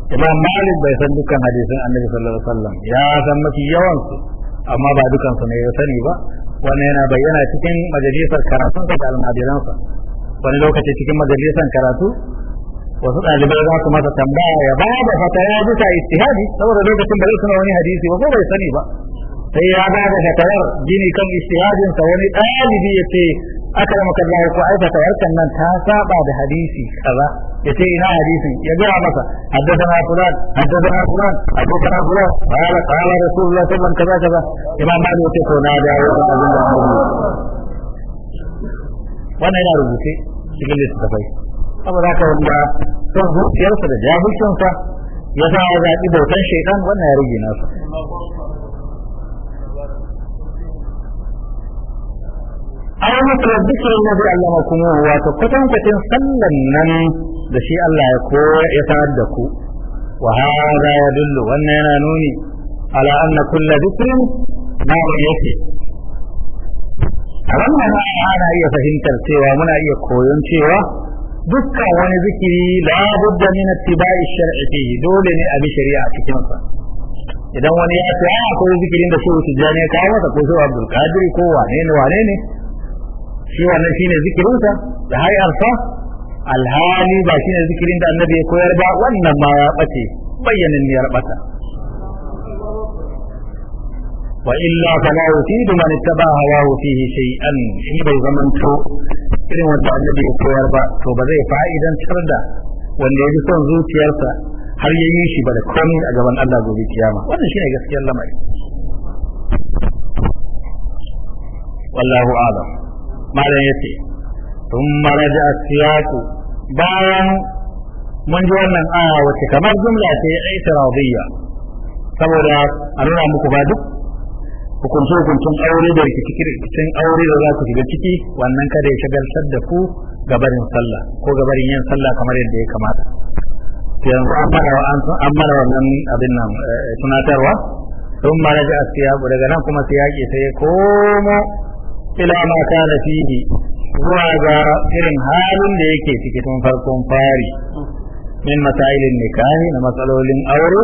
imam malik bai san dukkan hadisin annabi sallallahu alaihi wasallam ya san mafi yawan su amma ba dukkan su ne ya sani ba wani yana bayyana cikin majalisar karatun da almajiransa wani lokaci cikin majalisar karatu wasu ɗalibai za su masa tambaya ya ba da fataya bisa istihadi saboda lokacin bai suna wani hadisi ba ko bai sani ba sai ya ba da fatayar gini kan istihadinsa wani ɗalibi ya ce أكرمك الله صحيفك ولكن من تاسى بعد حديثي كذا يتي إلى حديثي يقرأ مسا حدثنا فلان حدثنا فلان حدثنا فلان قال قال رسول الله صلى الله عليه وسلم إمام بعد يتي فلان يا رسول الله صلى الله عليه وسلم وانا إلى ربوتي شكل يستطيع أبا ذاك الله ثم هو يرسل جاهل شنسا يسعى ذاك إبوتان شيطان وانا يريجي ناسا aw mithla dhikri alladhi allamakum wato kwatankwacin sallan nan da shi Allah ya koya ya sanar da ku wa hada yadullu wannan yana nuni ala anna a wannan ana iya fahimtar cewa muna iya koyon cewa dukkan wani zikiri la budda min ittiba'i shar'i fihi dole ne a bi shari'a cikin sa idan wani ya ce a ah, akwai zikirin da shehu tijjani ya kawo masa ko shehu abdul qadir ko wane ne wane ne shi wannan shine zikirinsa da hayarsa alhali ba shine zikirin da annabi ya koyar ba wannan ma ya bace bayyanin ne ya bata wa illa fala yufidu man ittaba'a hawahu fihi shay'an in bai zamanto irin wanda annabi ya koyar ba to ba zai fa'idantar da wanda ya ji son zuciyarsa har ya yi shi ba da komai a gaban Allah gobe kiyama wannan shine gaskiyar lamari wallahu malam tun mara da asiyaku bayan mun ji wannan aya wacce kamar jumla ce itiradiyya saboda a nuna muku ba duk hukunce hukuncin aure da rikici rikicin aure da za ku shiga ciki wannan kada ya shagaltar da ku gabarin sallah ko gabarin yin sallah kamar yadda ya kamata yanzu an fara an mara wannan abin nan eh, tunatarwa sun mara da a daga nan kuma siyaki sai ya komo ila ma kana fihi zuwa ga irin halin da yake cikin tun farkon fari min masailin nikahi na matsalolin aure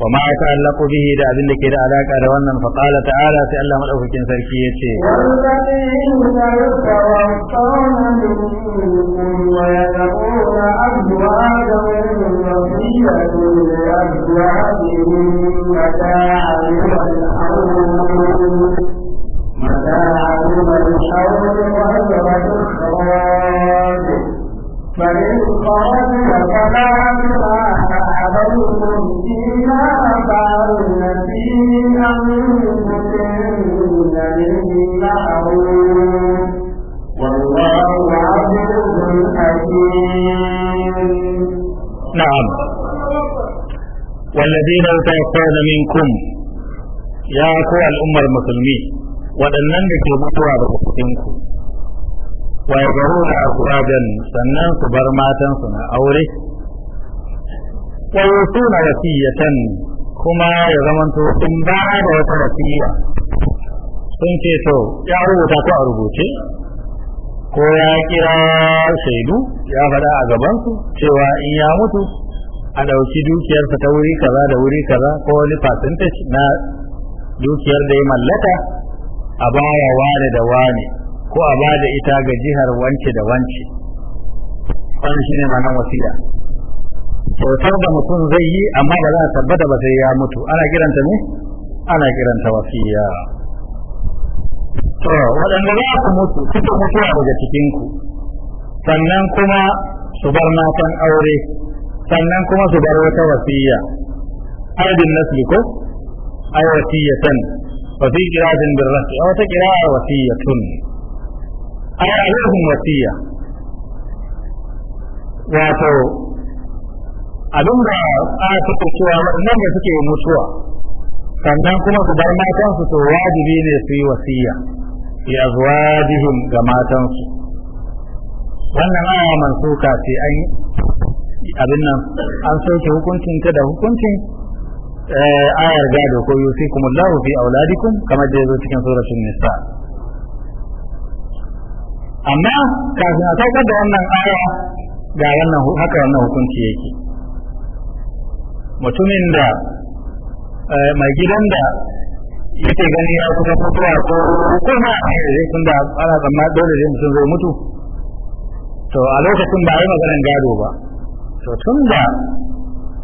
wa ma ta'allaqu bihi da abin da ke da alaka da wannan fa qala ta'ala sai Allah madaukakin sarki yace wa متاع الحول وغير إخراج فإن خرجنا فلا جناح عليكم فيما فعلن في أنفسهن من معروف والله عزيز حكيم نعم والذين يتوفون منكم يا أخوة الأمة المسلمين waɗannan da ke mutuwa daga cikin ku wa yazaruna azwajan sannan su bar matan su na aure wa yusuna wasiyatan kuma ya to sun ba da wata wasiya sun ce to ya rubuta ko a rubuce ko ya kira shaidu ya faɗa a gaban gabansu cewa in ya mutu a ɗauki dukiyarsa ta wuri kaza da wuri kaza ko wani fasinta na dukiyar da ya mallaka a baya ware da wane ko a bada ita ga jihar wance da wance wannan shine ma'anar wasiya kyautar da mutum zai yi amma ba za a tabbata ba sai ya mutu ana kiranta ne ana kiranta wasiya to waɗanda za ku mutu kuka mutuwa daga cikinku sannan kuma su bar matan aure sannan kuma su bar wata wasiya ardin nasli ko ay wasiyatan وفي قراءة بالرفع أو قراءة وصية أي عليهم وصية wato abin da a suke cewa nan da suke mutuwa sannan kuma su bar matansu to wajibi ne su yi wasiya ya zuwajihim ga matansu wannan aya mansuka ce an abin nan an soke hukuncin ta da hukuncin ayar gado ko yusikum Allahu fi auladikum kamar da yazo cikin suratul nisa amma kafin a saukar da wannan aya ga wannan haka wannan hukunci yake mutumin da mai gidan da yake gani ya kuma mutuwa ko kuma ma sai kun da ana zama dole ne mutum zai mutu to a lokacin ba yi maganar gado ba to tun da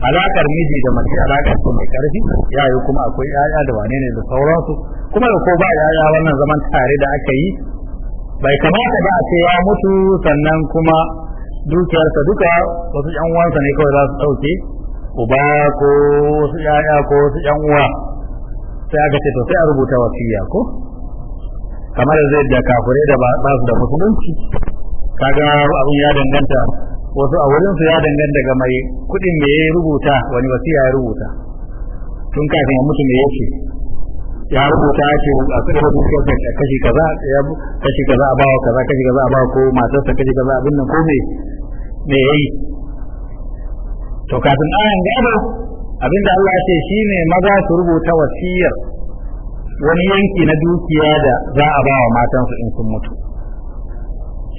alakar miji da mace alakar su mai karfi yayi kuma akwai yaya da wane ne da sauransu kuma da ko ba yaya wannan zaman tare da aka yi bai kamata ba a ce ya mutu sannan kuma dukiyarsa duka wasu yan uwansa ne kawai za su dauke uba ko wasu yaya ko wasu yan uwa sai aka ce to sai a rubuta wasiya ko kamar zai da kafure da ba su da musulunci kaga abun ya danganta wasu a wurinsu ya dangan daga mai kudin me ya rubuta wani wasiya ya rubuta tun kafin mutu me ce, ya rubuta ce a cikin rubutun ka kashi kaza ya kashi kaza a bawa kaza kashi kaza a bawa ko matarsa kashi kaza abin nan ko me me yi, to kafin ayan gaba abinda Allah ya ce shine maza su rubuta wasiyar wani yanki na dukiya da za a bawa matansu in sun mutu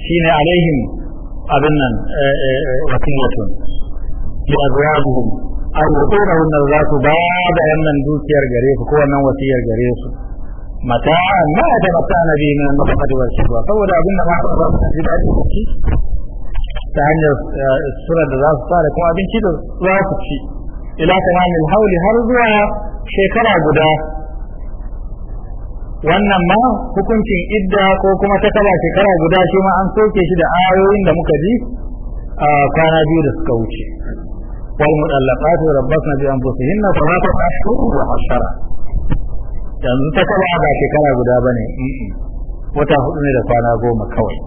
shine alaihim abin nan wasiyatun li azwajihim aw yuqulun za su ba da wannan dukiyar gare su ko wannan wasiyar gare su mata ma da mata nabi min nafaqati wal shibwa saboda abin da ba su ba su da shi ta hanyar sura da za su fara kuma abinci da za su ci ila tamamil hauli har zuwa shekara guda wannan ma hukuncin idda ko kuma ta kaba shekara guda shi ma an soke shi da ayoyin da muka ji a kwana biyu da suka wuce wal mudallaqatu rabbasna bi anfusihinna fa hatu ashhur wa ashara yanzu ta kaba ba shekara guda bane wata hudu ne da kwana goma kawai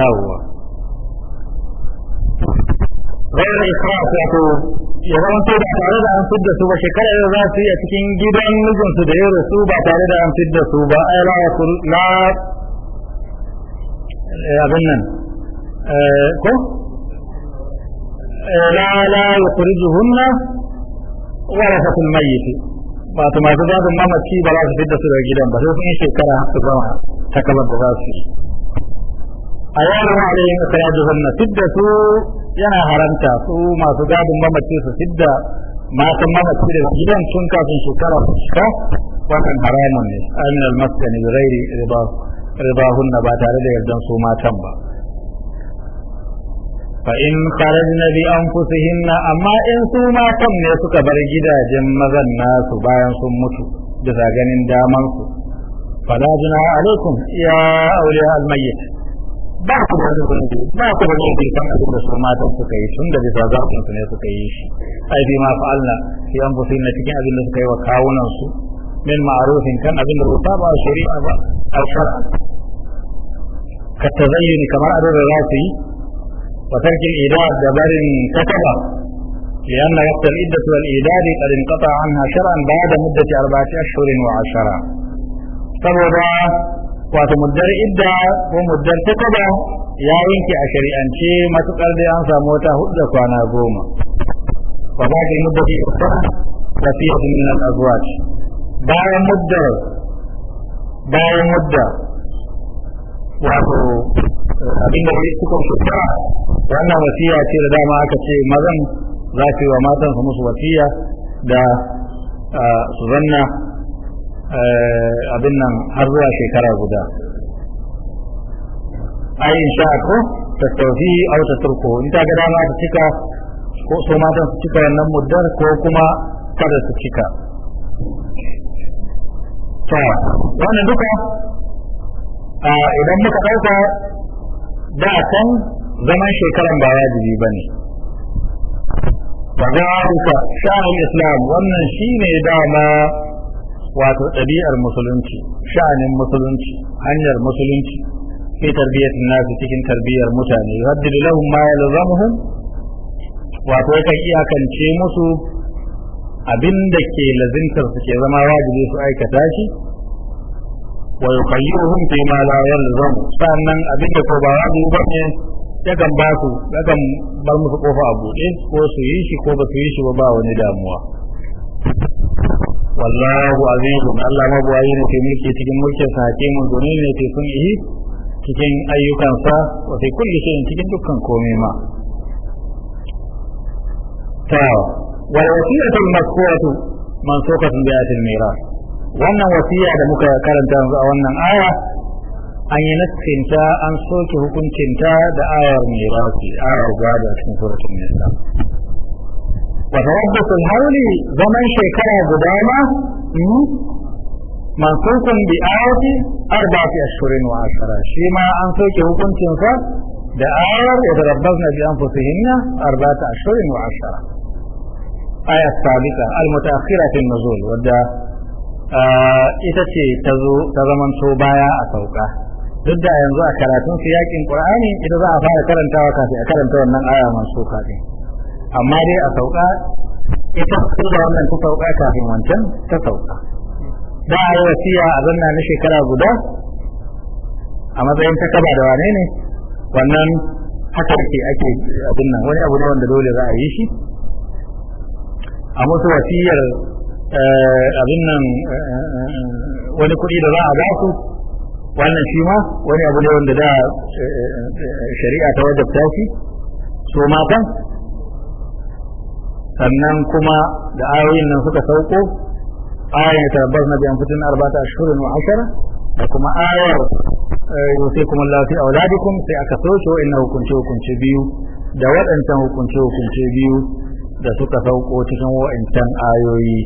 yawwa غير إسراف wato. ya zama ba tare da an fidda su ba shekara yau za su yi a cikin gidan mijinsu da ya rasu ba tare da an fidda su ba ai la la abin nan ko la la yukhrijuhunna warasatul mayyit ba to masu gadin mamaci ba za su fidda su daga gidan ba sai sun shekara su gama takabar da za su yi a yaran alayhim ikhrajuhunna fidda su yana haramta su masu gadin mamace su fidda matan mamace da gidan sun kafin shekara su shiga wannan haramun ne amin almaskani da rairi ribahunna ba tare da yardan su matan ba fa in kharajna bi anfusihinna amma in su matan ne suka bar gidajen mazan nasu bayan sun mutu da ganin daman su fala juna alaikum ya auliya almayyit ba ku da wani gurbi ba ku da wani kan abin da su matan suka yi tun da bisa zarfin su ne suka yi shi ai bi ma fa'alna fi anfusina cikin abin da suka yi wa kawunan su min ma'rufin kan abin da ba ba shari'a ba al-shar'a ka tazayyuni kamar abin da za su yi wa tarkin idad da barin kataba لأن وقت العدة والإيداد قد انقطع عنها شرعا بعد مدة أربعة أشهر وعشرة. فبدا wato muddar idda ko muddar takaba ya yanke a shari'ance matukar da an samu wata hudda kwana goma fa ba da mudda fi ukra da fi min al azwaj bayan muddar bayan mudda wato abin da suka shuka wannan wasiya ce da dama aka ce mazan za su yi wa matan su musu wasiya da ah, su zanna Eh, abin nan har zuwa shekara guda a yin sha ko ta tafi au ta turko in ta ga dama ta cika ko so matan su cika wannan muddar ko kuma kada su cika to wannan duka idan muka dauka da san zaman shekaran ba wajibi bane فذلك islam wannan ومن da dama wato ɗabi'ar musulunci sha'anin musulunci hanyar musulunci fi tarbiyyar nasu cikin tarbiyyar mutane raddidu lahum ma yalzamuhum wato yakan iyakance musu abin da ke lazintar su ke zama wajibi su aikata shi wa yuqayyiruhum fi ma la yalzamu sannan abin da ko ba wajibi ba ne yakan ba su bar musu kofa a buɗe ko su yi shi ko ba su yi shi ba ba wani damuwa wallahu azizun Allah mabuwayi ne ke mulki cikin mulkin sa hakimun domin ne ke sun yi cikin ayyukansa wa fi kulli shay'in cikin dukkan komai ma ta wal wasiyatul masfuatu mansukatun bi ayatil miras wannan wasiya da muka karanta yanzu a wannan aya an yi naskinta an soke hukuncinta da ayar mirasi ayar gado cikin suratul nisa وتوقف الحول زمن شيكرا قدامى منصوص بآية أربعة أشهر وعشرة شيما أن سوكي هكون تنسى دعار يتربصن بأنفسهن أربعة أشهر وعشرة آية السابقة المتأخرة في النزول ودى آه، إتتي تزمن صوبايا أتوقع duk da yanzu a karatun su yakin qur'ani ita za a fara karantawa kafin a karanta wannan aya mansuka amma dai a sauka ita su da wannan ta sauka kafin wancan ta sauka da a yi wasiya a zanna na shekara guda a matsayin ta kaba da wane ne wannan haka ke ake abin nan wani abu ne wanda dole za a yi shi a musu wasiyar eh, abin nan eh, wani kuɗi da za a ba su wannan shi ma wani abu ne wanda da eh, shari'a ta wajabta shi su matan sannan kuma da ayoyin nan suka sauko ayar ta tabbas na biyan fitin arba'ata ashhurin wa ashara da kuma ayar eh, yusikum Allah fi auladikum sai aka soke wa'annan hukunce hukunce biyu da waɗancan hukunce hukunce biyu da suka sauko cikin wa'ancan ayoyi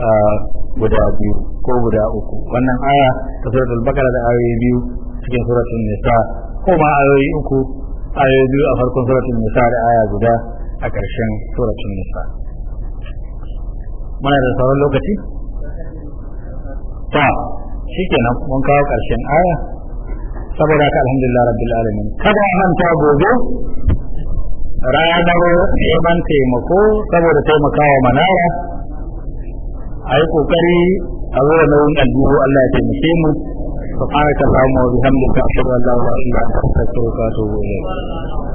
ah, guda biyu ko guda uku wannan aya ta suratul bakara da ayoyi biyu cikin suratul nisa ko ma ayoyi uku ayoyi biyu a farkon suratul nisa da aya guda a ƙarshen suratun nisa muna da sauran lokaci ta shi kenan mun kawo ƙarshen aya saboda ka alhamdulillah rabbil alamin kada a manta gobe ranar neman taimako saboda taimakawa manara a yi kokari a zuwa nauyin aljihu Allah ya taimake mu سبحانك اللهم وبحمدك أشهد أن لا إله إلا أنت أستغفرك وأتوب